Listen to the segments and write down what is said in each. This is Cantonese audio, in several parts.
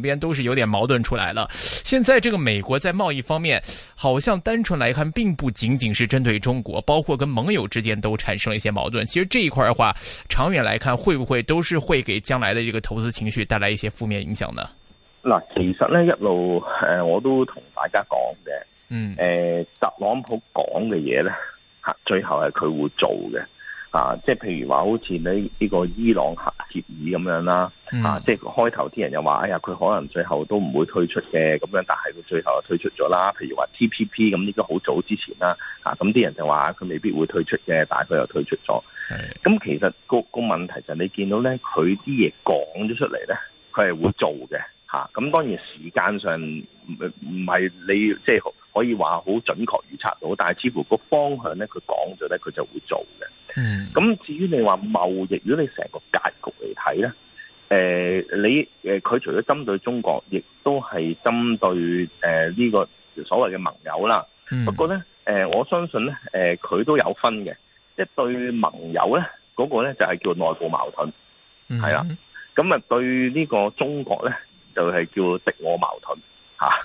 邊都是有點矛盾出來了。現在這個美國在貿易方面，好像單純來看並不僅僅是針對中國，包括跟盟友之間都產生了一些矛盾。其實這一塊的話，長遠來看會不會都是會給將來的這個投資情緒帶來一些負面影響呢？嗱，其實呢，一路誒、呃，我都同大家講嘅，嗯，誒，特朗普講嘅嘢咧吓，最後係佢會做嘅，啊，即係譬如話好似呢呢、呢個伊朗協議咁樣啦，啊，即係開頭啲人又話，哎呀，佢可能最後都唔會退出嘅，咁樣，但係佢最後又退出咗啦。譬如話 TPP 咁，呢個好早之前啦，啊，咁啲人就話佢未必會退出嘅，但係佢又退出咗。咁其實個個問題就係你見到呢，佢啲嘢講咗出嚟呢，佢係會做嘅，吓、啊。咁當然時間上唔唔係你即係。就是可以話好準確預測到，但係似乎個方向咧，佢講咗咧，佢就會做嘅。咁、mm -hmm. 至於你話貿易，如果你成個格局嚟睇咧，誒、呃、你誒佢、呃、除咗針對中國，亦都係針對誒呢、呃這個所謂嘅盟友啦。不過咧，誒、呃、我相信咧，誒、呃、佢都有分嘅，一對盟友咧，嗰、那個咧就係叫內部矛盾，係、mm -hmm. 啦。咁啊，對呢個中國咧，就係、是、叫敵我矛盾。吓、 啊，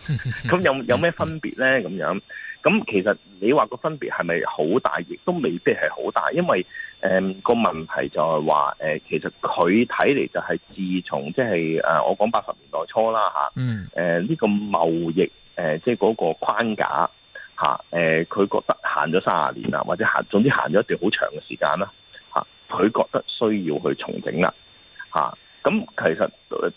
咁有有咩分別咧？咁樣，咁其實你話個分別係咪好大，亦都未必係好大，因為誒、嗯個問題就係話其實佢睇嚟就係自從即係、誒、我講八十年代初啦嚇，呢、啊呢個貿易誒即係嗰個框架嚇，佢、啊呃、覺得行咗三十年啦，或者行總之行咗一段好長嘅時間啦佢、啊、覺得需要去重整啦、啊咁其實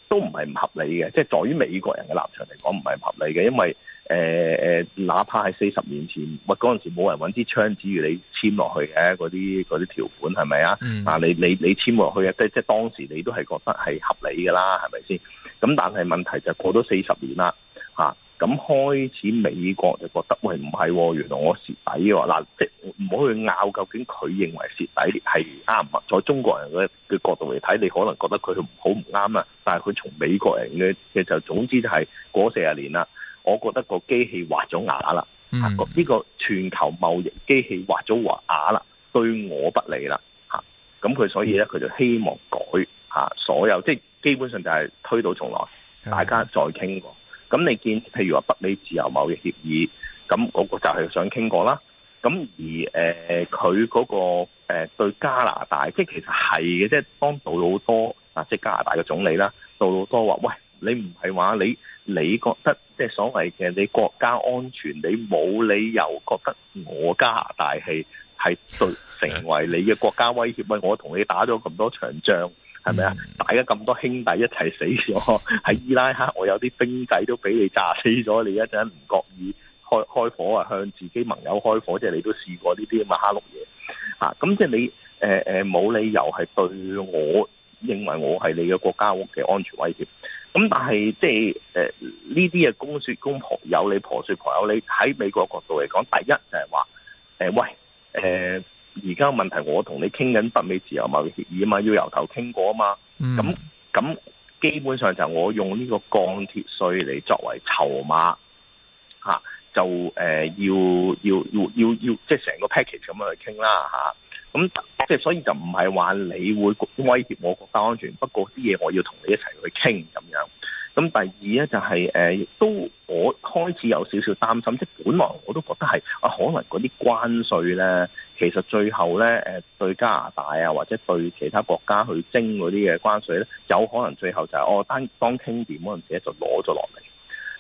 都唔係唔合理嘅，即、就、係、是、在於美國人嘅立場嚟講唔係唔合理嘅，因為誒、呃、哪怕係四十年前，乜嗰陣時冇人搵啲槍指住你簽落去嘅嗰啲嗰啲條款係咪啊？啊、嗯，你你你簽落去啊，即、就、即、是、當時你都係覺得係合理嘅啦，係咪先？咁但係問題就過咗四十年啦，啊咁開始，美國就覺得喂唔係，哦，原來我蝕底喎。嗱，即唔好去拗，究竟佢認為蝕底係啱唔啱。在中國人嘅嘅角度嚟睇，你可能覺得佢好唔啱啊，但係佢從美國人嘅嘅就總之就係過四十年啦，我覺得個機器滑咗牙啦。呢、嗯啊，呢個全球貿易機器滑咗牙啦，對我不利啦，嚇，咁佢所以咧佢就希望改、啊、所有，即基本上就係推倒重來，大家再傾過嗯嗯咁你見譬如話北美自由貿易協議，咁嗰、呃那個就係想傾過啦。咁而誒佢嗰個誒對加拿大，即係其實係嘅，即係當杜魯多啊，即係加拿大嘅總理啦，杜魯多話，喂，你唔係話你你覺得即係所謂嘅你國家安全，你冇理由覺得我加拿大係係對成為你嘅國家威脅，喂，我同你打咗咁多場仗。係咪啊？大家咁多兄弟一齊死咗喺伊拉克，我有啲兵仔都俾你炸死咗。你一陣唔覺意開開火啊，向自己盟友開火，即係你都試過呢啲咁嘅哈碌嘢吓。咁、啊、即係你誒誒，冇、呃、理由係對我認為我係你嘅國家屋企安全威脅。咁但係即係誒呢啲嘅公說公婆有，你婆說婆有你。喺美國角度嚟講，第一就係話誒喂誒。呃而家問題，我同你傾緊北美自由貿易協議啊嘛，要由頭傾過啊嘛，咁、嗯、咁基本上就我用呢個鋼鐵稅嚟作為籌碼、啊、就、呃、要要要要要即係成個 package 咁樣去傾啦咁即係所以就唔係話你會威脅我國家安全，不過啲嘢我要同你一齊去傾咁樣。咁第二咧就係、是呃、都我開始有少少擔心，即、就、係、是、本來我都覺得係啊，可能嗰啲關稅咧。其實最後咧，對加拿大啊，或者對其他國家去徵嗰啲嘅關稅咧，有可能最後就係、是、我、哦、當傾掂嗰陣時，就攞咗落嚟。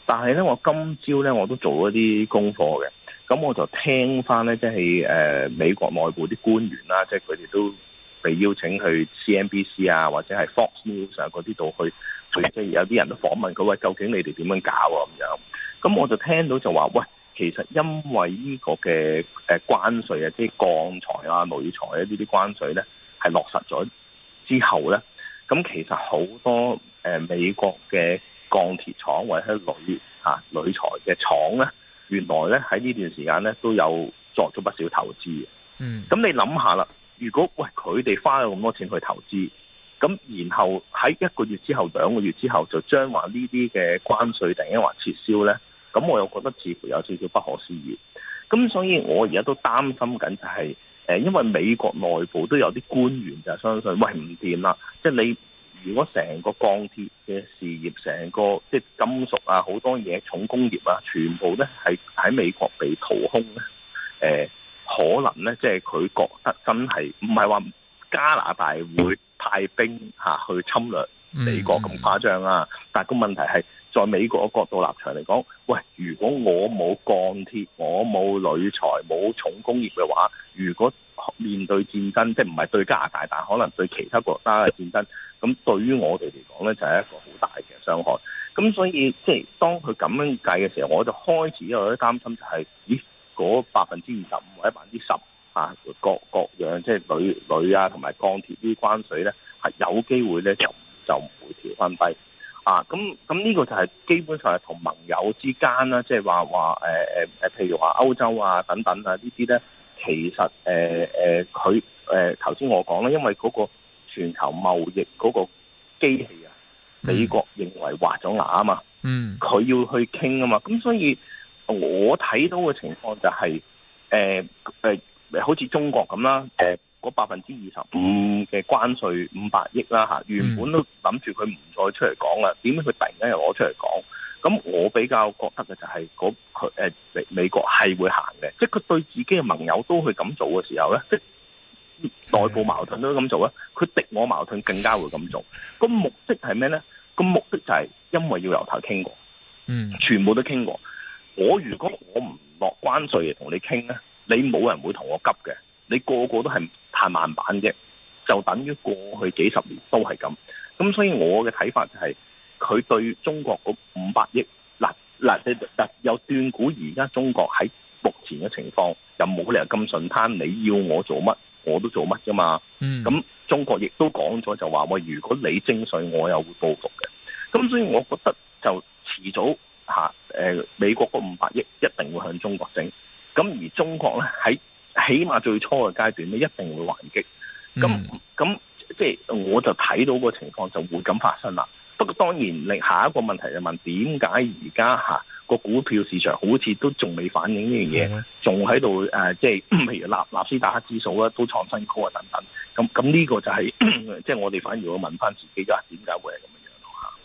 但係咧，我今朝咧我都做咗一啲功課嘅，咁我就聽翻咧，即係誒、呃、美國內部啲官員啦，即係佢哋都被邀請去 C N B C 啊，或者係 Fox News 上嗰啲度去，即係有啲人都訪問佢喂，究竟你哋點樣搞啊？咁樣，咁我就聽到就話喂。其實因為呢個嘅誒關稅啊，即係鋼材啊、鋁材啊呢啲關稅呢，係落實咗之後呢，咁其實好多誒美國嘅鋼鐵廠或者鋁啊鋁材嘅廠呢，原來呢喺呢段時間呢，都有作咗不少投資嘅。嗯，咁你諗下啦，如果喂佢哋花咗咁多錢去投資，咁然後喺一個月之後、兩個月之後就將話呢啲嘅關稅定係話撤銷呢？咁我又覺得似乎有少少不可思議，咁所以我而家都擔心緊就係，誒，因為美國內部都有啲官員就相信，喂，唔掂啦，即係、就是、你如果成個鋼鐵嘅事業，成個即、就是、金屬啊，好多嘢重工業啊，全部咧係喺美國被掏空咧，誒，可能咧即係佢覺得真係唔係話加拿大會派兵嚇、啊、去侵略美國咁誇張啊，mm -hmm. 但係個問題係，在美國的角度立場嚟講，喂，如果我冇鋼鐵，我冇鋁材，冇重工業嘅話，如果面對戰爭，即係唔係對加拿大，但係可能對其他國家嘅戰爭，咁對於我哋嚟講呢，就係、是、一個好大嘅傷害。咁所以即係當佢咁樣計嘅時候，我就開始有啲擔心、就是，就係咦，嗰百分之二十五或者百分之十啊，各各樣即係鋁鋁啊同埋鋼鐵啲關稅呢，係有機會呢，就就唔會調翻低。啊，咁咁呢個就係基本上係同盟友之間啦，即係話話誒誒誒譬如話歐洲啊等等啊呢啲咧，其實誒佢誒頭先我講啦，因為嗰個全球貿易嗰個機器啊，美國認為滑咗牙啊嘛，嗯，佢要去傾啊嘛，咁所以我睇到嘅情況就係、誒、誒、呃呃、好似中國咁啦，誒百分之二十五嘅關稅五百億啦吓，原本都諗住佢唔再出嚟講啦，點解佢突然間又攞出嚟講？咁我比較覺得嘅就係，佢誒美國係會行嘅，即係佢對自己嘅盟友都去咁做嘅時候咧，即係內部矛盾都咁做咧，佢敵我矛盾更加會咁做。個目的係咩咧？個目的就係因為要由頭傾過，嗯，全部都傾過。我如果我唔落關稅嚟同你傾咧，你冇人會同我急嘅，你個個都係。係慢版啫，就等於過去幾十年都係咁，咁所以我嘅睇法就係、是，佢對中國嗰五百億，嗱嗱，又斷估而家中國喺目前嘅情況又冇理由咁順攤，你要我做乜我都做乜㗎嘛。咁、嗯、中國亦都講咗就話喂，如果你徵稅，我又會報復嘅。咁所以我覺得就遲早吓，誒、啊呃，美國嗰五百億一定會向中國徵，咁而中國咧喺。在起碼最初嘅階段咧，一定會還擊。咁咁即係，嗯就是、我就睇到個情況，就會咁發生啦。不過當然，另下一個問題就問：點解而家吓個股票市場好似都仲未反映呢樣嘢，仲喺度誒，即係、呃就是、譬如納納斯達克指數啊，都創新高啊，等等。咁咁呢個就係即係我哋反而會問翻自己，就係點解會係咁？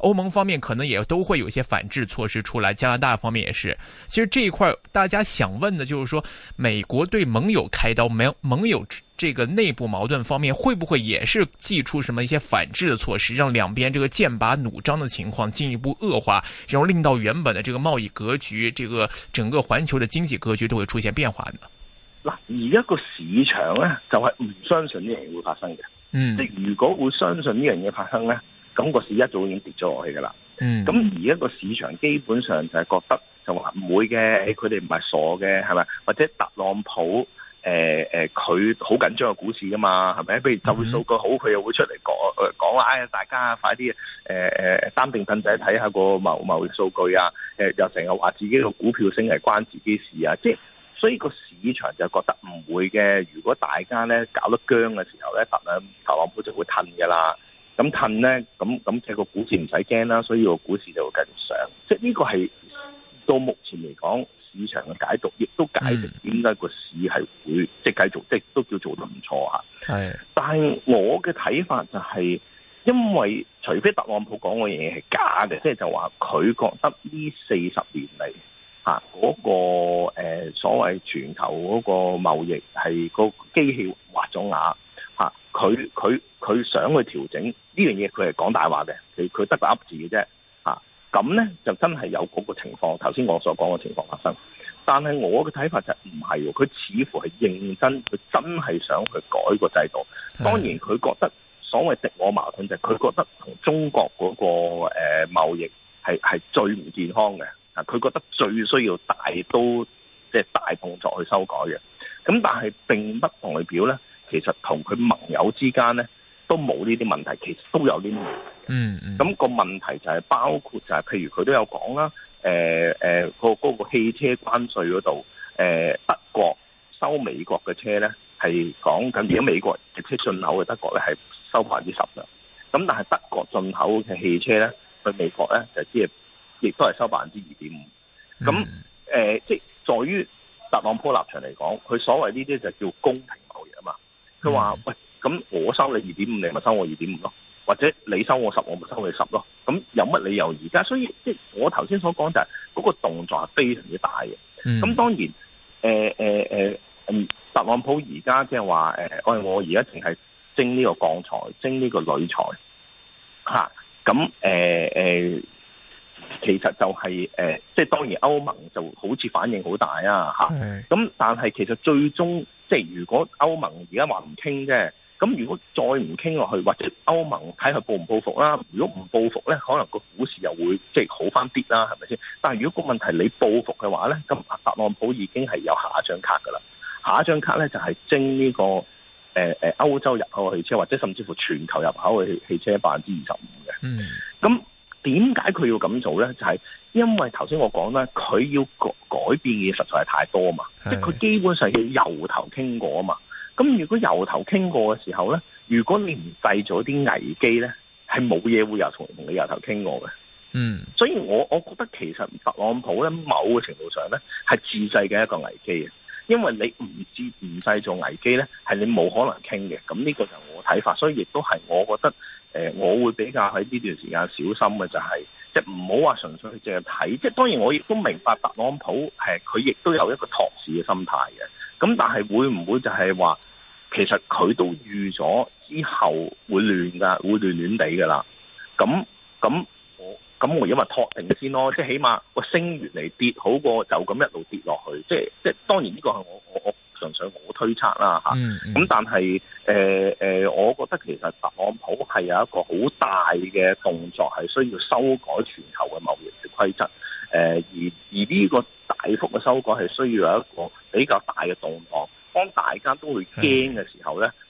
歐盟方面可能也都會有一些反制措施出來，加拿大方面也是。其實這一塊大家想問的就是說，美國對盟友開刀，盟盟友這個內部矛盾方面會不會也是祭出什麼一些反制的措施，讓兩邊這個劍拔弩張的情況進一步惡化，然後令到原本的這個貿易格局，這個整個環球的經濟格局都會出現變化呢？嗱，而家個市場呢，就係唔相信呢樣嘢會發生嘅，嗯，即如果會相信呢樣嘢發生呢？咁、那個市一早已經跌咗落去噶啦，咁、嗯、而家個市場基本上就係覺得就話唔會嘅，佢哋唔係傻嘅係咪？或者特朗普誒誒佢好緊張個股市噶嘛係咪？比如就會數據好，佢又會出嚟講誒講話，哎呀大家快啲誒誒擔定凳仔睇下個某某數據啊！誒、呃、又成日話自己個股票升係關自己事啊！即、就、係、是、所以個市場就覺得唔會嘅。如果大家咧搞得僵嘅時候咧，特朗普就會褪噶啦。咁褪咧，咁咁即個股市唔使驚啦，所以個股市就會繼續上，即係呢個係到目前嚟講，市場嘅解讀，亦都解讀點解個市係會、嗯、即係繼續，即都叫做得唔錯啊！但係我嘅睇法就係、是，因為除非特朗普講嘅嘢係假嘅，即係就話佢覺得呢四十年嚟嗰、啊嗰個、呃、所謂全球嗰個貿易係個機器滑咗牙。啊！佢佢佢想去調整、啊、樣呢樣嘢，佢係講大話嘅，佢佢得個噏字嘅啫。咁咧就真係有嗰個情況，頭先我所講嘅情況發生。但係我嘅睇法就唔係喎，佢似乎係認真，佢真係想去改個制度。當然佢覺得所謂敵我矛盾就係佢覺得同中國嗰、嗰個、呃、貿易係係最唔健康嘅。啊！佢覺得最需要大刀即係大動作去修改嘅。咁、啊、但係並不代表咧。其實同佢盟友之間咧，都冇呢啲問題，其實都有啲問題。嗯，咁、嗯那個問題就係包括就係、是，譬如佢都有講啦，誒、呃、誒、呃那個、那個汽車關稅嗰度，誒、呃、德國收美國嘅車咧，係講緊而家美國嘅車、嗯、進口嘅德國咧係收百分之十嘅，咁但係德國進口嘅汽車咧去美國咧就只係亦都係收百分之二點五。咁、嗯、誒、呃，即係在於特朗普立場嚟講，佢所謂呢啲就叫公平。佢話喂，咁我收你二點五，你咪收我二點五咯，或者你收我十，我咪收你十咯。咁有乜理由而家？所以即係我頭先所講就係嗰個動作係非常之大嘅。咁當然，誒誒誒，嗯、呃呃，特朗普而家即係話，誒、呃，我而家淨係徵呢個鋼材，徵呢個鋁材，吓、啊、咁，誒、啊、誒、啊，其實就係、是、誒、啊，即係當然歐盟就好似反應好大啊，吓、啊。咁但係其實最終。即係如果歐盟而家話唔傾啫，咁如果再唔傾落去，或者歐盟睇佢報唔報復啦。如果唔報復咧，可能個股市又會即係好翻啲啦，係咪先？但係如果個問題你報復嘅話咧，咁特朗普已經係有下一張卡噶啦，下一張卡咧就係徵呢個誒誒、呃、歐洲入口汽車，或者甚至乎全球入口嘅汽車百分之二十五嘅。嗯。咁。點解佢要咁做呢？就係、是、因為頭先我講啦，佢要改改變嘅嘢實在係太多啊嘛，嗯、即係佢基本上要由頭傾過啊嘛。咁如果由頭傾過嘅時候呢，如果你唔製造啲危機呢，係冇嘢會由同同你由頭傾過嘅。嗯，所以我我覺得其實特朗普呢，某個程度上呢，係自製嘅一個危機，因為你唔制唔製造危機呢，係你冇可能傾嘅。咁呢個就我睇法，所以亦都係我覺得。誒，我會比較喺呢段時間小心嘅就係，即係唔好話純粹去淨係睇，即係當然我亦都明白特朗普係佢亦都有一個託市嘅心態嘅，咁但係會唔會就係話其實佢都預咗之後會亂㗎，會亂亂地㗎啦，咁咁我咁我認為託定先咯，即係起碼個升完嚟跌好過就咁一路跌落去，即係即係當然呢個係我我。我純粹我推測啦嚇，咁但係誒誒，我覺得其實特朗普係有一個好大嘅動作，係需要修改全球嘅貿易嘅規則。誒、呃、而而呢個大幅嘅修改係需要有一個比較大嘅動盪，當大家都會驚嘅時候咧。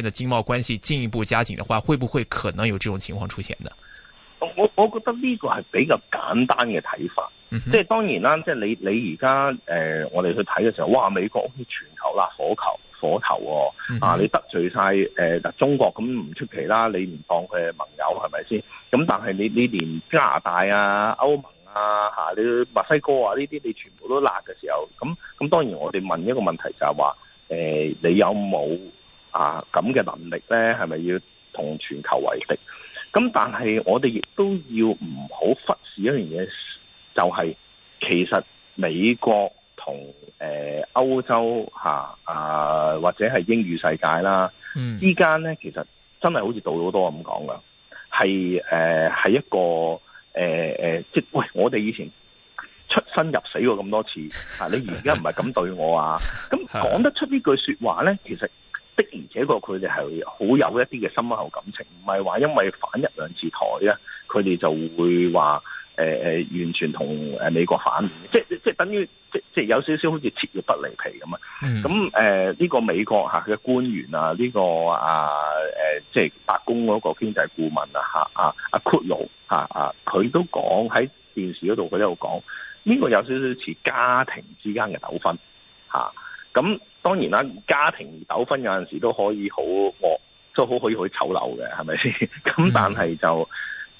間嘅經貿關係進一步加緊嘅話，會不會可能有這種情況出現呢？我我覺得呢個係比較簡單嘅睇法，嗯、即係當然啦，即係你你而家誒，我哋去睇嘅時候，哇，美國全球焫火球火球啊！你得罪晒誒、呃、中國咁唔出奇啦，你唔當佢係盟友，係咪先？咁但係你你連加拿大啊、歐盟啊、吓、啊、你墨西哥啊呢啲你全部都辣嘅時候，咁咁當然我哋問一個問題就係話，誒、呃，你有冇？啊咁嘅能力咧，係咪要同全球為敵？咁但係我哋亦都要唔好忽視一樣嘢，就係、係、其實美國同誒歐洲吓啊或者係英語世界啦，嗯、之間咧其實真係好似杜魯多咁講噶，係誒係一個誒誒、呃、即喂，我哋以前出生入死過咁多次，啊你而家唔係咁對我啊，咁講得出句呢句說話咧，其實。的而且確，佢哋係好有一啲嘅深厚感情，唔係話因為反一兩次台咧，佢哋就會話誒誒完全同誒美國反，即即等於即即有少少好似切肉不離皮咁啊！咁誒呢個美國嚇嘅、啊、官員啊，呢個啊誒即白宮嗰個經濟顧問啊嚇啊啊 Kudlow 啊，佢、啊啊啊啊啊、都講喺電視嗰度佢都有講，呢、呢個有少少似家庭之間嘅糾紛嚇咁。啊啊啊。當然啦，家庭糾紛有陣時都可以好惡，都好可以去醜陋嘅，係咪？咁但係就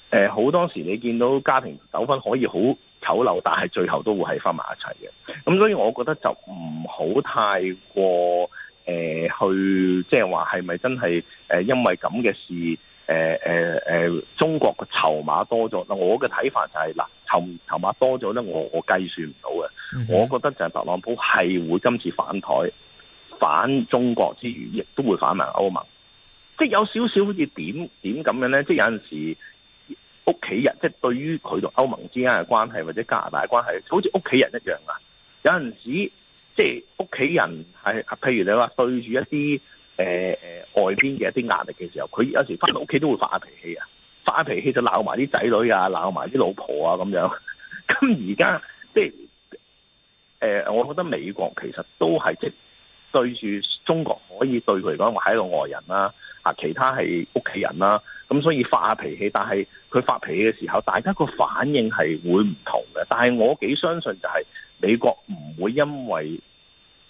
誒好、呃、多時你見到家庭糾紛可以好醜陋，但係最後都會係翻埋一齊嘅。咁所以我覺得就唔好太過誒、呃、去，即係話係咪真係誒因為咁嘅事誒誒誒中國嘅籌碼多咗？嗱，我嘅睇法就係、是、嗱籌籌碼多咗咧，我我計算唔到嘅。我覺得就係特朗普係會今次反台。反中國之餘，亦都會反盟歐盟，即係有少少好似點點咁樣呢？即係有陣時屋企人，即係對於佢同歐盟之間嘅關係，或者加拿大嘅關係，好似屋企人一樣啊。有陣時即係屋企人係，譬如你話對住一啲誒誒外邊嘅一啲壓力嘅時候，佢有時翻到屋企都會發下脾氣啊，發下脾氣就鬧埋啲仔女啊，鬧埋啲老婆啊咁樣。咁而家即係、呃、我覺得美國其實都係即對住中國可以對佢嚟講，我係一個外人啦，其他係屋企人啦，咁所以發下脾氣。但係佢發脾氣嘅時候，大家個反應係會唔同嘅。但係我幾相信就係美國唔會因為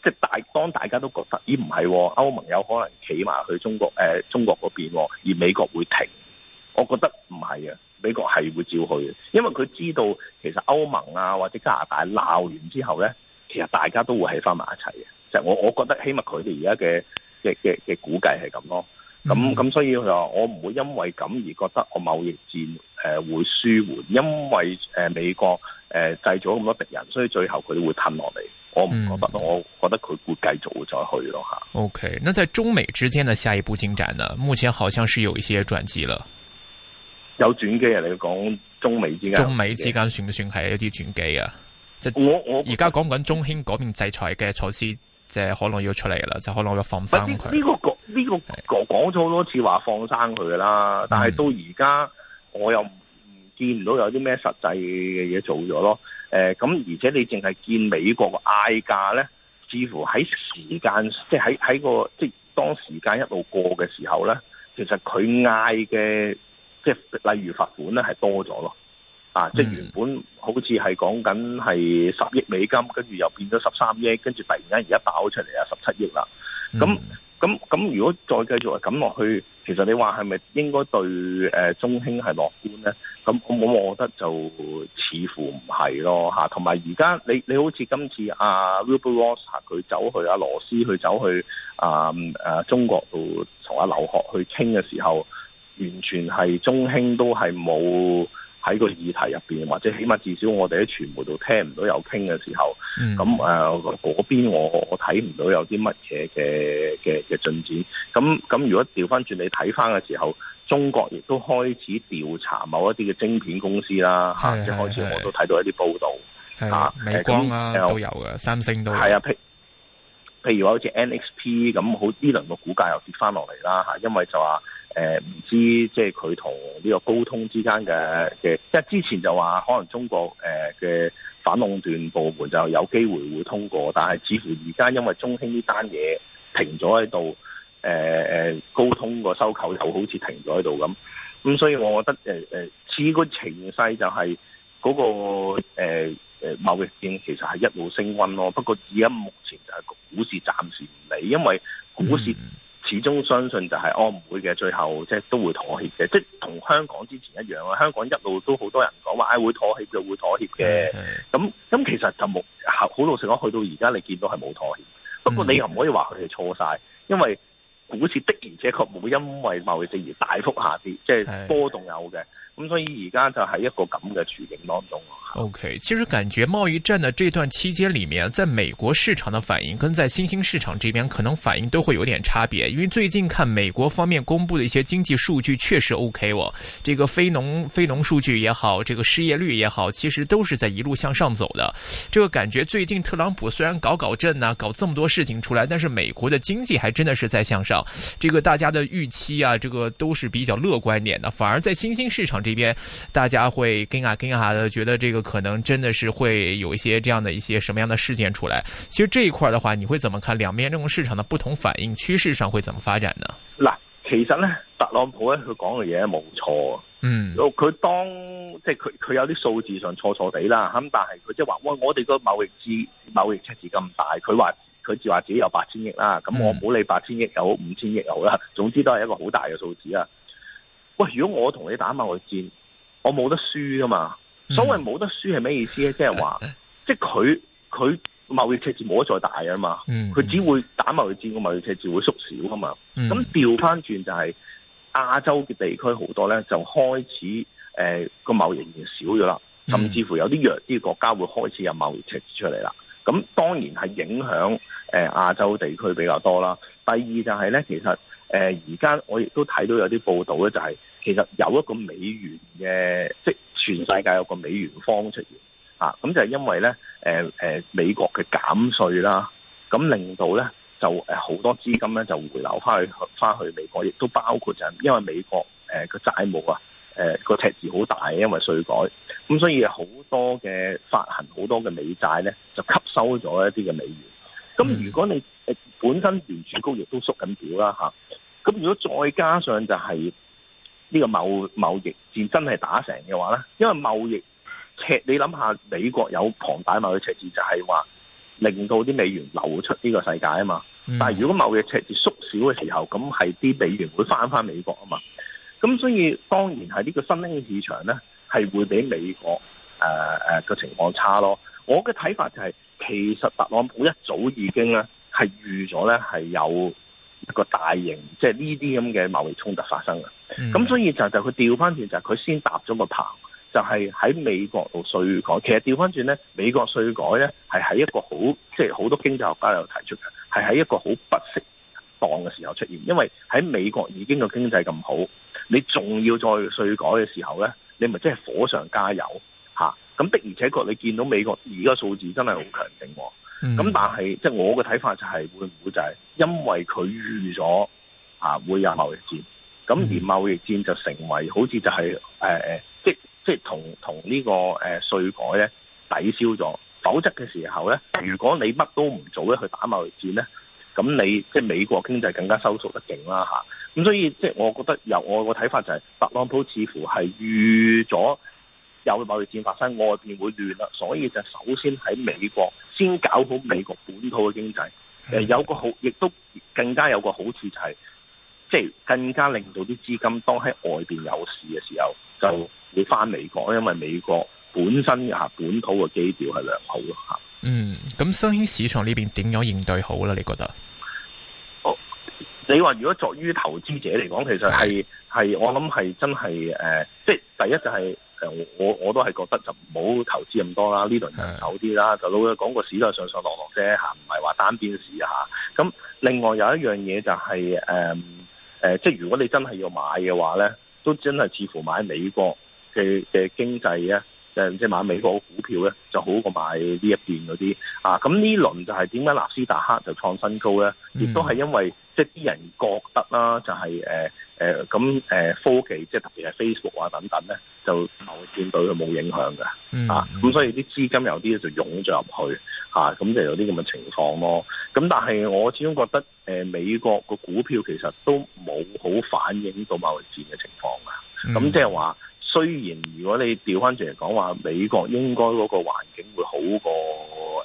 即係大當大家都覺得咦唔係歐盟有可能企埋去中國誒、呃、中國嗰邊，而美國會停，我覺得唔係嘅，美國係會照去嘅，因為佢知道其實歐盟啊或者加拿大鬧完之後呢，其實大家都會喺翻埋一齊嘅。我我覺得起碼他們現在的，起碼佢哋而家嘅嘅嘅嘅估計係咁咯。咁、嗯、咁所以就我唔會因為咁而覺得我貿易戰誒會舒緩，因為誒美國誒製造咁多敵人，所以最後佢哋會吞落嚟。我唔覺得、嗯，我覺得佢會繼續再去咯吓。O、okay. K，那在中美之間的下一步進展呢？目前好像是有一些轉機了。有轉機你講，中美之間，中美之間算唔算係一啲轉機啊？即我我而家講緊中興嗰邊制裁嘅措施。即係可能要出嚟啦，就可能要放生佢。呢、呢個、呢、呢個講呢、呢個講講咗好多次話放生佢啦，但係到而家我又唔見唔到有啲咩實際嘅嘢做咗咯。誒、呃，咁而且你淨係見美國嘅嗌價咧，似乎喺時間，即係喺喺個即係當時間一路過嘅時候咧，其實佢嗌嘅即係例如罰款咧係多咗咯。啊！即原本好似係講緊係十億美金，跟住又變咗十三億，跟住突然間而家爆出嚟啊！十七億啦！咁咁咁，如果再繼續係咁落去，其實你話係咪應該對、呃、中興係樂觀咧？咁我我覺得就似乎唔係咯嚇。同埋而家你你好似今次阿 Wilbur、啊、Ross 佢、啊、走去阿、啊、羅斯去走去啊，啊中國度同阿劉鶴去傾嘅時候，完全係中興都係冇。喺個議題入邊，或者起碼至少我哋喺傳媒度聽唔到有傾嘅時候，咁誒嗰邊我我睇唔到有啲乜嘢嘅嘅嘅進展。咁咁如果調翻轉你睇翻嘅時候，中國亦都開始調查某一啲嘅晶片公司啦，即開、啊、開始我都睇到一啲報道，嚇、啊，美光啊，啊都有嘅，三星都係啊，譬譬如話好似 NXP 咁，好呢輪個股價又跌翻落嚟啦嚇，因為就話。誒，唔知即係佢同呢個高通之間嘅嘅，即係之前就話可能中國誒嘅反壟斷部門就有機會會通過，但係似乎而家因為中興呢單嘢停咗喺度，誒誒高通個收購又好似停咗喺度咁，咁所以我覺得誒誒，至、呃、於個情勢就係嗰、嗰個誒誒貿易戰其實係一路升溫咯，不過而家目前就係股市暫時唔理，因為股市。始終相信就係我唔會嘅，最後即係都會妥協嘅，即係同香港之前一樣啊！香港一路都好多人講話，唉、哎，會妥協就會妥協嘅，咁咁、嗯嗯、其實就冇好老實講，去到而家你見到係冇妥協，不過你又唔可以話佢哋錯晒，因為。股市的而且確冇因為貿易戰而大幅下跌，即係波動有嘅，咁所以而家就係一個咁嘅處境當中。OK，其實感覺貿易戰的這段期間裏面，在美國市場的反應跟在新興市場這邊可能反應都會有點差別，因為最近看美國方面公布的一些經濟數據確實 OK 哦，這個非農非農數據也好，這個失業率也好，其實都是在一路向上走的，這個感覺最近特朗普雖然搞搞震啊，搞這麼多事情出來，但是美國的經濟還真的是在向上。這個大家的預期啊，這個都是比較樂觀點的，反而在新興市場這邊，大家會驚啊驚啊的，覺得這個可能真的是會有一些這樣的一些什麼樣的事件出來。其實這一塊的話，你會怎麼看兩邊這種市場的不同反應？趨勢上會怎麼發展呢？嗱，其實呢特朗普呢，佢講嘅嘢冇錯，嗯，哦，佢當即係佢佢有啲數字上錯錯地啦，咁但係佢即係話喂，我哋個貿易支貿易赤字咁大，佢話。佢就話自己有八千億啦，咁我冇理八千億又好五千億又好啦，總之都係一個好大嘅數字啦！喂，如果我同你打貿易戰，我冇得輸噶嘛、嗯？所謂冇得輸係咩意思咧？就是、說 即係話，即係佢佢貿易赤字冇得再大啊嘛！佢、嗯、只會打貿易戰，個貿易赤字會縮小啊嘛！咁調翻轉就係、是、亞洲嘅地區好多咧，就開始誒個、呃、貿易量少咗啦，甚至乎有啲弱啲國家會開始有貿易赤字出嚟啦。咁當然係影響誒、呃、亞洲地區比較多啦。第二就係咧，其實誒而家我亦都睇到有啲報道咧、就是，就係其實有一個美元嘅，即、就是、全世界有個美元方出現啊。咁就係因為咧，誒、呃呃、美國嘅減稅啦，咁令到咧就誒好多資金咧就回流翻去翻去美國，亦都包括就係因為美國誒個債務啊。誒、呃，個赤字好大，因為稅改，咁所以好多嘅發行，好多嘅美債咧，就吸收咗一啲嘅美元。咁如果你誒、嗯呃、本身聯儲局亦都縮緊表啦吓，咁、啊、如果再加上就係呢個貿貿易戰真係打成嘅話咧，因為貿易赤，你諗下美國有龐大貿易赤字，就係、是、話令到啲美元流出呢個世界啊嘛。嗯、但係如果貿易赤字縮小嘅時候，咁係啲美元會翻翻美國啊嘛。咁所以當然係呢個新興市場咧，係會比美國誒誒個情況差咯。我嘅睇法就係、是，其實特朗普一早已經咧係預咗咧係有一個大型即係呢啲咁嘅貿易衝突發生嘅。咁、嗯、所以就是、就佢調翻轉就係佢先搭咗個棚，就係、是、喺美國度稅改。其實調翻轉咧，美國稅改咧係喺一個好即係好多經濟學家有提出嘅，係喺一個好不適當嘅時候出現，因為喺美國已經個經濟咁好。你仲要在稅改嘅時候呢，你咪真係火上加油咁、啊、的而且確，你見到美國而家數字真係好強勁、啊。咁、嗯、但係即係我嘅睇法就係會唔會就係因為佢預咗啊會有貿易戰，咁、嗯、而貿易戰就成為好似就係、是、誒、呃、即即同同呢個誒稅改呢抵消咗。否則嘅時候呢，如果你乜都唔做呢去打貿易戰呢，咁你即係美國經濟更加收縮得勁啦嚇。咁所以，即係我覺得，由我個睇法就係、是、特朗普似乎係預咗有貿易戰發生，外邊會亂啦，所以就首先喺美國先搞好美國本土嘅經濟，誒有個好，亦都更加有個好處、就是，就係即係更加令到啲資金當喺外邊有事嘅時候，就會翻美國，因為美國本身啊本土嘅基調係良好咯嚇。嗯，咁新興市場呢邊點樣應對好咧？你覺得？你話如果作於投資者嚟講，其實係係，我諗係真係誒、呃，即係第一就係、是呃、我我都係覺得就唔好投資咁多啦，呢輪就守啲啦。就老實講，個市都係上上落落啫嚇，唔係話單邊市嚇咁、啊、另外有一樣嘢就係、是、誒、呃呃、即係如果你真係要買嘅話咧，都真係似乎買美國嘅嘅經濟咧。即、就、係、是、買美國的股票咧，就好過買呢一邊嗰啲啊！咁呢輪就係點解納斯達克就創新高咧？亦都係因為即係啲人覺得啦、就是呃呃呃呃呃，就係誒誒咁誒科技，即係特別係 Facebook 啊等等咧，就冇見到佢冇影響嘅啊！咁、嗯嗯啊、所以啲資金有啲就湧咗入去嚇，咁、啊、就有啲咁嘅情況咯。咁、啊、但係我始終覺得誒、呃、美國個股票其實都冇好反映到貿易戰嘅情況啊！咁即係話。就是雖然如果你調翻轉嚟講話，美國應該嗰個環境會好過誒誒、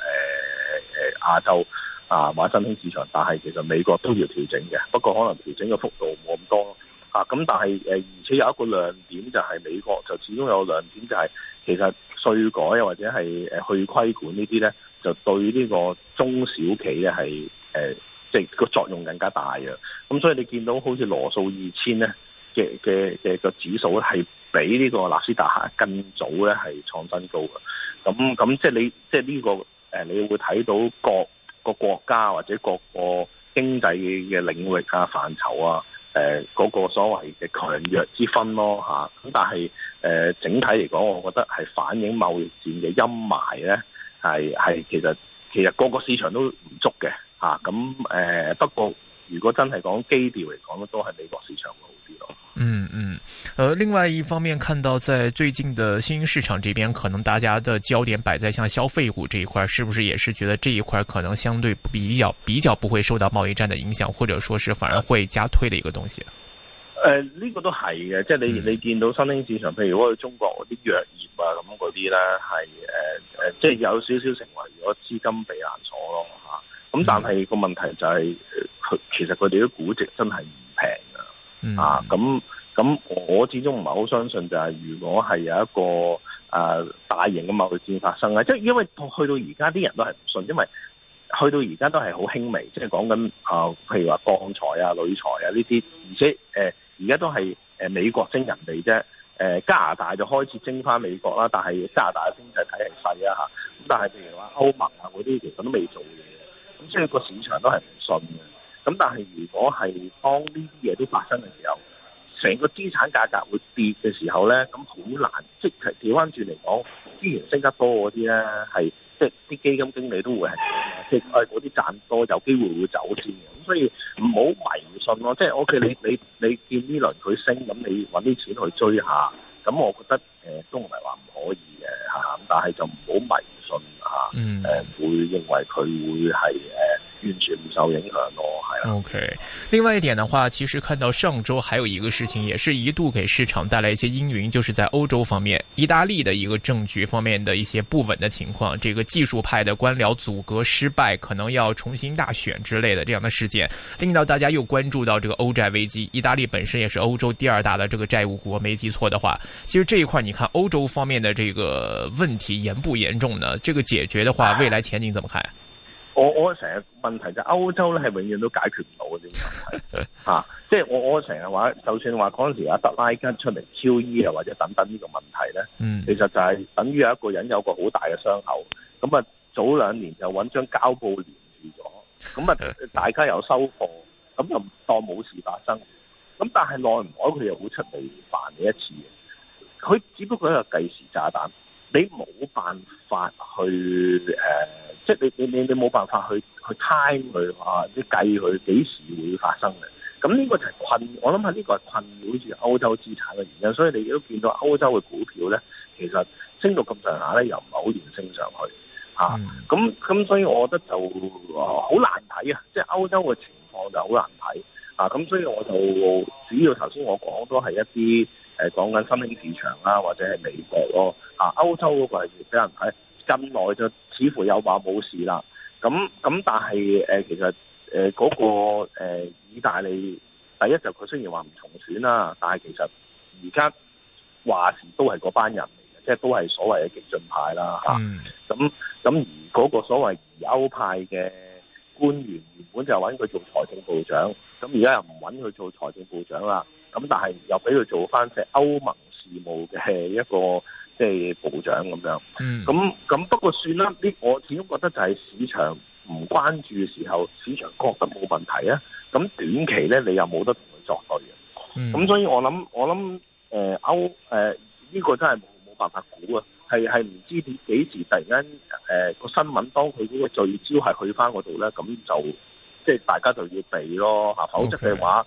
呃、亞洲啊，或者新興市場，但係其實美國都要調整嘅。不過可能調整嘅幅度冇咁多啊。咁但係誒、呃，而且有一個亮點就係美國就始終有亮點，就係其實稅改又或者係誒去規管這些呢啲咧，就對呢個中小企咧係誒，即、呃、係、就是、個作用更加大啊。咁所以你見到好似羅素二千咧嘅嘅嘅個指數咧係。俾呢個納斯達克更早咧係創新高嘅，咁咁即係你即係呢個誒，你會睇到各個國家或者各個經濟嘅領域啊、範疇啊，誒嗰個所謂嘅強弱之分囉嚇。咁但係、呃、整體嚟講，我覺得係反映貿易戰嘅陰霾咧，係係其實其實個個市場都唔足嘅嚇。咁誒不過，如果真係講基調嚟講咧，都係美國市場的好啲咯。嗯嗯，呃，另外一方面，看到在最近的新興市場這邊，可能大家的焦點擺在像消費股這一塊，是不是也是覺得這一塊可能相對比較比較不會受到貿易戰的影響，或者說是反而會加推的一個東西？誒、呃，呢、這個都係嘅，即係你你見到新興市場，嗯、譬如我哋中國嗰啲藥業啊咁嗰啲咧，係誒誒，即係有少少成為咗資金避難所咯吓。咁、嗯嗯、但係個問題就係、是、佢其實佢哋啲估值真係唔平啊！啊咁咁，我始終唔係好相信就係如果係有一個、啊、大型嘅貿易戰發生咧，即、就、係、是、因為去到而家啲人都係唔信，因為去到而家都係好輕微，即係講緊啊譬如話鋼材啊、鋁材啊呢啲，而且而家、呃、都係美國徵人哋啫、呃，加拿大就開始徵翻美國啦，但係加拿大嘅經濟體係細啊嚇，咁但係譬如話歐盟啊嗰啲其實都未做嘢。即係個市場都係唔信嘅，咁但係如果係當呢啲嘢都發生嘅時候，成個資產價格會跌嘅時候咧，咁好難，即係調翻轉嚟講，之前升得多嗰啲咧，係即係啲基金經理都會係即係嗰啲賺多有機會會走先嘅，咁所以唔好迷信咯，即係 OK，你你你見呢輪佢升，咁你搵啲錢去追下。咁我覺得誒都唔係話唔可以嘅嚇，但係就唔好迷信嚇，誒、啊嗯啊、會認為佢會係誒。啊完全受影響係。OK，另外一點的話，其實看到上周還有一個事情，也是一度給市場帶來一些陰雲，就是在歐洲方面，意大利的一個政局方面的一些不穩的情況，這個技術派的官僚阻隔失敗，可能要重新大選之類的這樣的事件，令到大家又關注到這個歐債危機。意大利本身也是歐洲第二大的這個債務國，沒記錯的話，其實這一塊，你看歐洲方面的這個問題嚴不嚴重呢？這個解決的話，未來前景怎麼看？啊我我成日問題就係、歐洲咧係永遠都解決唔到嘅呢個問題，即係、 啊就係、我我成日話，就算話嗰陣時阿德拉吉出嚟 QE 啊或者等等呢個問題咧， 其實就係等於有一個人有個好大嘅傷口，咁啊早兩年就揾張膠布連住咗，咁啊大家又收貨，咁就當冇事發生，咁但係耐唔耐佢又好出嚟煩你一次，佢只不過係一個計時炸彈，你冇辦法去誒。呃即係你你你你冇辦法去去 time 佢啊，即係計佢幾時會發生嘅。咁呢個就係困，我諗下呢個係困擾住歐洲資產嘅原因。所以你都見到歐洲嘅股票咧，其實升到咁上下咧，又唔係好連升上去啊。咁咁所以，我覺得就好難睇啊。即係歐洲嘅情況就好難睇啊。咁所以我就主要頭先我講都係一啲誒、啊、講緊新興市場啦，或者係美國咯啊。歐洲嗰個係比較難睇。咁耐就似乎有話冇事啦，咁咁但係、呃、其實嗰、呃那個誒、呃、意大利第一就佢雖然話唔重選啦，但係其實而家話事都係嗰班人嚟嘅，即係都係所謂嘅激進派啦吓，咁咁而嗰個所謂疑歐派嘅官員原本就揾佢做財政部長，咁而家又唔揾佢做財政部長啦，咁但係又俾佢做翻隻歐盟事務嘅一個。即係部長咁樣，咁、嗯、咁不過算啦。啲我始終覺得就係市場唔關注嘅時候，市場確實冇問題啊。咁短期咧，你又冇得同佢作對嘅。咁、嗯、所以我諗，我諗，誒、呃、歐，誒、呃、呢、這個真係冇冇辦法估啊。係係唔知幾時突然間，誒、呃、個新聞當佢嗰個聚焦係去翻嗰度咧，咁就即係大家就要避咯嚇。否則嘅話。Okay.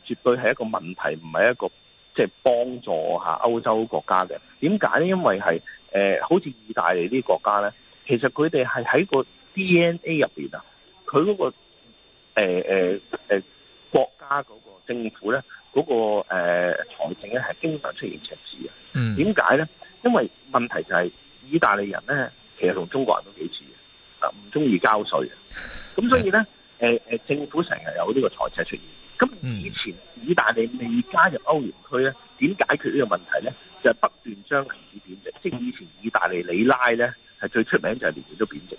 絕對係一個問題，唔係一個即係幫助吓歐洲國家嘅。點解？因為係誒、呃，好似意大利呢國家咧，其實佢哋係喺個 DNA 入邊啊，佢嗰、嗰個誒誒誒國家嗰個政府咧，嗰、嗰個誒財、呃、政咧係經常出現赤字啊。嗯。點解咧？因為問題就係、是、意大利人咧，其實同中國人都幾似嘅，啊，唔中意交稅嘅，咁所以咧，誒、呃、誒，政府成日有呢個財政出現。咁、嗯、以前意大利未加入歐元區咧，點解決呢個問題咧？就係、不斷將銀紙貶值。即係以前意大利里拉咧，係最出名就係年年都貶值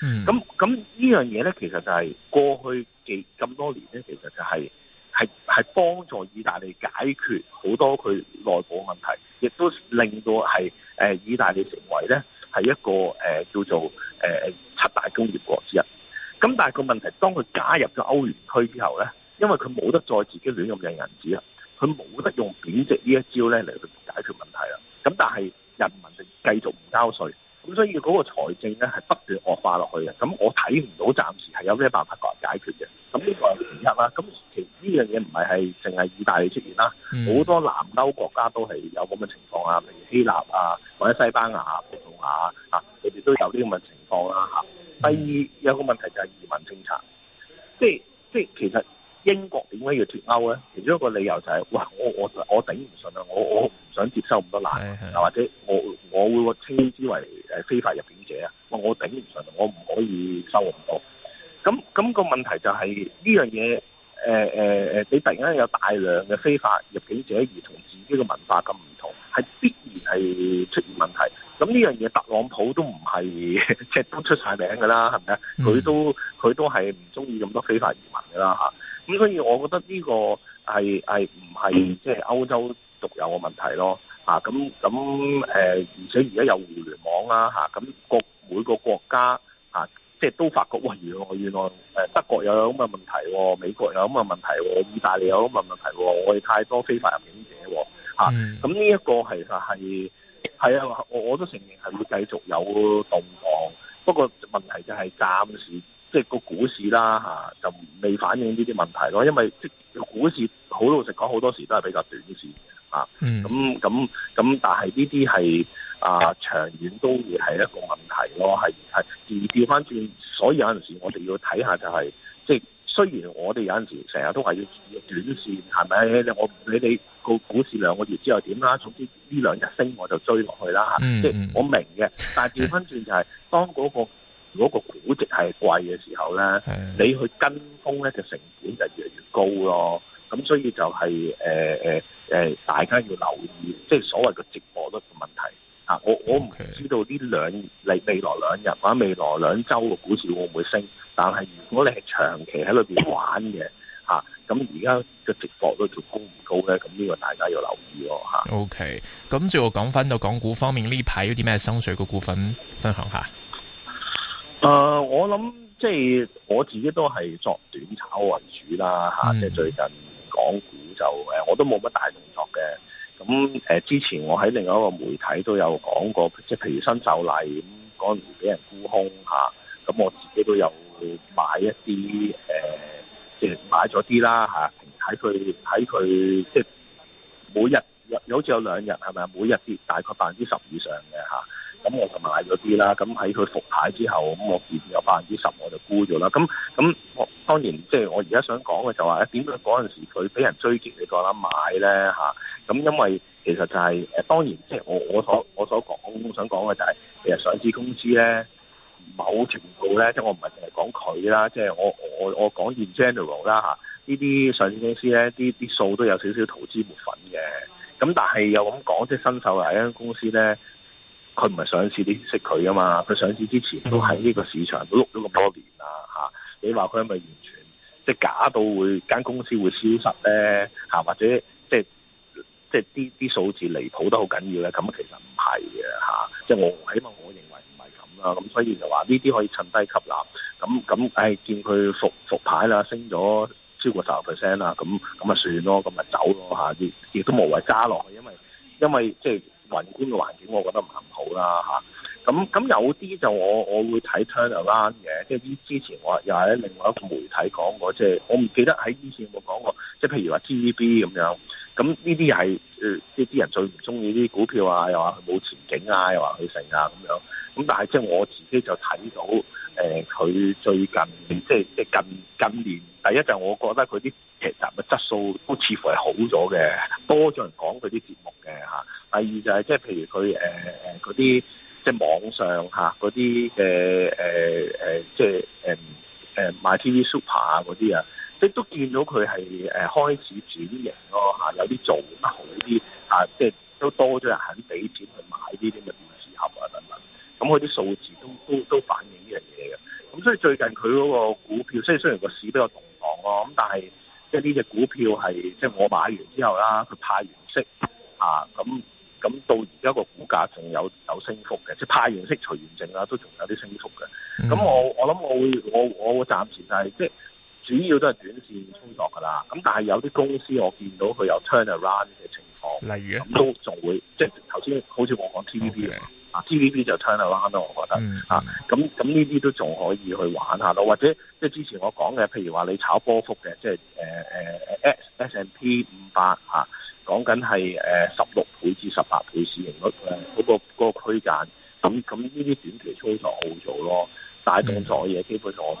咁。咁、嗯、呢樣嘢咧，其實就係過去幾咁多年咧，其實就係係係幫助意大利解決好多佢內部問題，亦都令到係誒、呃、意大利成為咧係一個誒、呃、叫做誒、呃、七大工業國之一。咁但係個問題，當佢加入咗歐元區之後咧？因為佢冇得再自己亂用嘅銀紙啦，佢冇得用貶值呢一招咧嚟解決問題啦。咁但係人民就繼續唔交稅，咁所以嗰個財政咧係不斷惡化落去嘅。咁我睇唔到暫時係有咩辦法解解決嘅。咁呢個係其一啦。咁其實呢樣嘢唔係係淨係意大利出現啦，好、mm. 多南歐國家都係有咁嘅情況啊，譬如希臘啊，或者西班牙，啊、葡萄牙啊，佢哋都有呢咁嘅情況啦嚇。第二有個問題就係移民政策，即係即係其實。英國點解要脫歐咧？其中一個理由就係、是、哇，我我我頂唔順啦，我我唔想接收咁多難，是是或者我我會稱之為誒非法入境者啊！我我頂唔順，我唔可以收唔到。咁咁、那個問題就係呢樣嘢誒誒誒，你突然間有大量嘅非法入境者，而同自己嘅文化咁唔同，係必然係出現問題。咁呢樣嘢，特朗普都唔係即係都出晒名噶啦，係咪啊？佢都佢都係唔中意咁多非法移民噶啦嚇。咁所以，我覺得呢個係係唔係即係歐洲獨有嘅問題咯？啊，咁咁誒，而且而家有互聯網啦，嚇咁各每個國家啊，即係都發覺，喂，原來原來誒德國有咁嘅問題，美國有咁嘅問題，意大利有咁嘅問題，我哋太多非法入境者，嚇咁呢一個其實係係啊，mm. 嗯、我我都承認係會繼續有動盪。不過問題就係暫時，即係個股市啦吓，就未反映呢啲問題咯。因為即係股市好老實講，好多時都係比較短線嘅。嗯。咁咁咁，但係呢啲係啊，長遠都會係一個問題咯。係，係而調翻轉，所以有陣時我哋要睇下就係，即係雖然我哋有陣時成日都話要短線，係咪？我你哋。到股市兩個月之後點啦？總之呢兩日升我就追落去啦嚇，mm -hmm. 即係我明嘅。但係調翻轉就係、是，當嗰、那個嗰個估值係貴嘅時候咧，mm -hmm. 你去跟風咧就成本就越嚟越高咯。咁所以就係誒誒誒，大家要留意，即係所謂嘅值博率嘅問題啊！我我唔知道呢兩未未來兩日或者未來兩週個股市會唔會升，但係如果你係長期喺裏邊玩嘅。咁而家嘅直播都仲高唔高咧？咁呢個大家要留意喎嚇。O K，咁最後講翻到港股方面，呢排有啲咩心水嘅股份分享一下？誒、呃，我諗即係我自己都係作短炒為主啦嚇。即係最近港股就誒、嗯，我都冇乜大動作嘅。咁誒，之前我喺另一個媒體都有講過，即係譬如新秀麗咁嗰年俾人沽空嚇，咁我自己都有買一啲誒。呃了一即係買咗啲啦嚇，睇佢喺佢即係每日有好似有兩日係咪啊？每日跌大概百分之十以上嘅嚇，咁、啊、我就買咗啲啦。咁喺佢復牌之後，咁我見有百分之十，我就沽咗啦。咁咁我當然即係我而家想講嘅就話，點解嗰陣時佢俾人追擊你講啦買咧嚇？咁、啊、因為其實就係、是、誒，當然即係我我所我所講想講嘅就係其實上市公司咧。某程度咧，即係我唔係淨係講佢啦，即係我我我講完 general 啦嚇，呢啲上市公司咧，啲啲數都有少少投資成份嘅。咁但係又咁講，即係新手嚟間公司咧，佢唔係上市啲識佢啊嘛。佢上市之前都喺呢個市場碌咗咁多年啦、嚇。你話佢係咪完全即係假到會間公司會消失咧、嚇？或者即係即係啲啲數字離譜得好緊要咧？咁其實唔係嘅嚇。即係我起碼我認。啊，咁所以就話呢啲可以趁低吸納，咁咁誒見佢復復牌啦，升咗超過十 percent 啦，咁咁咪算咯，咁咪走咯嚇，亦、啊、亦都無謂加落去，因為因為即係宏觀嘅環境，我覺得唔係咁好啦嚇。咁咁有啲就我我會睇 turn around 嘅，即係之之前我又喺另外一個媒體講過，即係我唔記得喺以前有冇講過，即係譬如話 TVB 咁樣，咁呢啲係。即啲人最唔中意啲股票啊，又話佢冇前景啊，又話佢成啊咁樣。咁但係即係我自己就睇到，誒、呃、佢最近即係即係近近年，第一就我覺得佢啲劇集嘅質素都似乎係好咗嘅，多咗人講佢啲節目嘅嚇。第二就係即係譬如佢誒誒嗰啲即係網上嚇嗰啲嘅誒誒，即係誒誒 myTV Super 啊嗰啲啊。呃即都見到佢係開始轉型咯嚇，有啲做得好啲啊！即係都多咗人肯俾錢去買呢啲嘅電視盒啊等等。咁佢啲數字都都都反映呢樣嘢嘅。咁所以最近佢嗰個股票，即係雖然個市比較動盪咯，咁但係即係呢隻股票係即係我買完之後啦，佢派完息啊，咁咁到而家個股價仲有有升幅嘅，即係派完息除完淨啦，都仲有啲升幅嘅。咁、嗯、我我諗我會我我會暫時就係即係。主要都係短線操作噶啦，咁但係有啲公司我見到佢有 turnaround 嘅情況，例如咁都仲會，即係頭先好似我講 T V B 啊，T V B 就 turnaround 咯，我覺得、嗯、啊，咁咁呢啲都仲可以去玩一下咯，或者即係之前我講嘅，譬如話你炒波幅嘅，即係誒誒 S&P 五百啊，講緊係誒十六倍至十八倍市盈率嗰、呃嗰個嗰、嗰個、區間，咁咁呢啲短 term 操作好做咯，大動作嘢基本上我冇。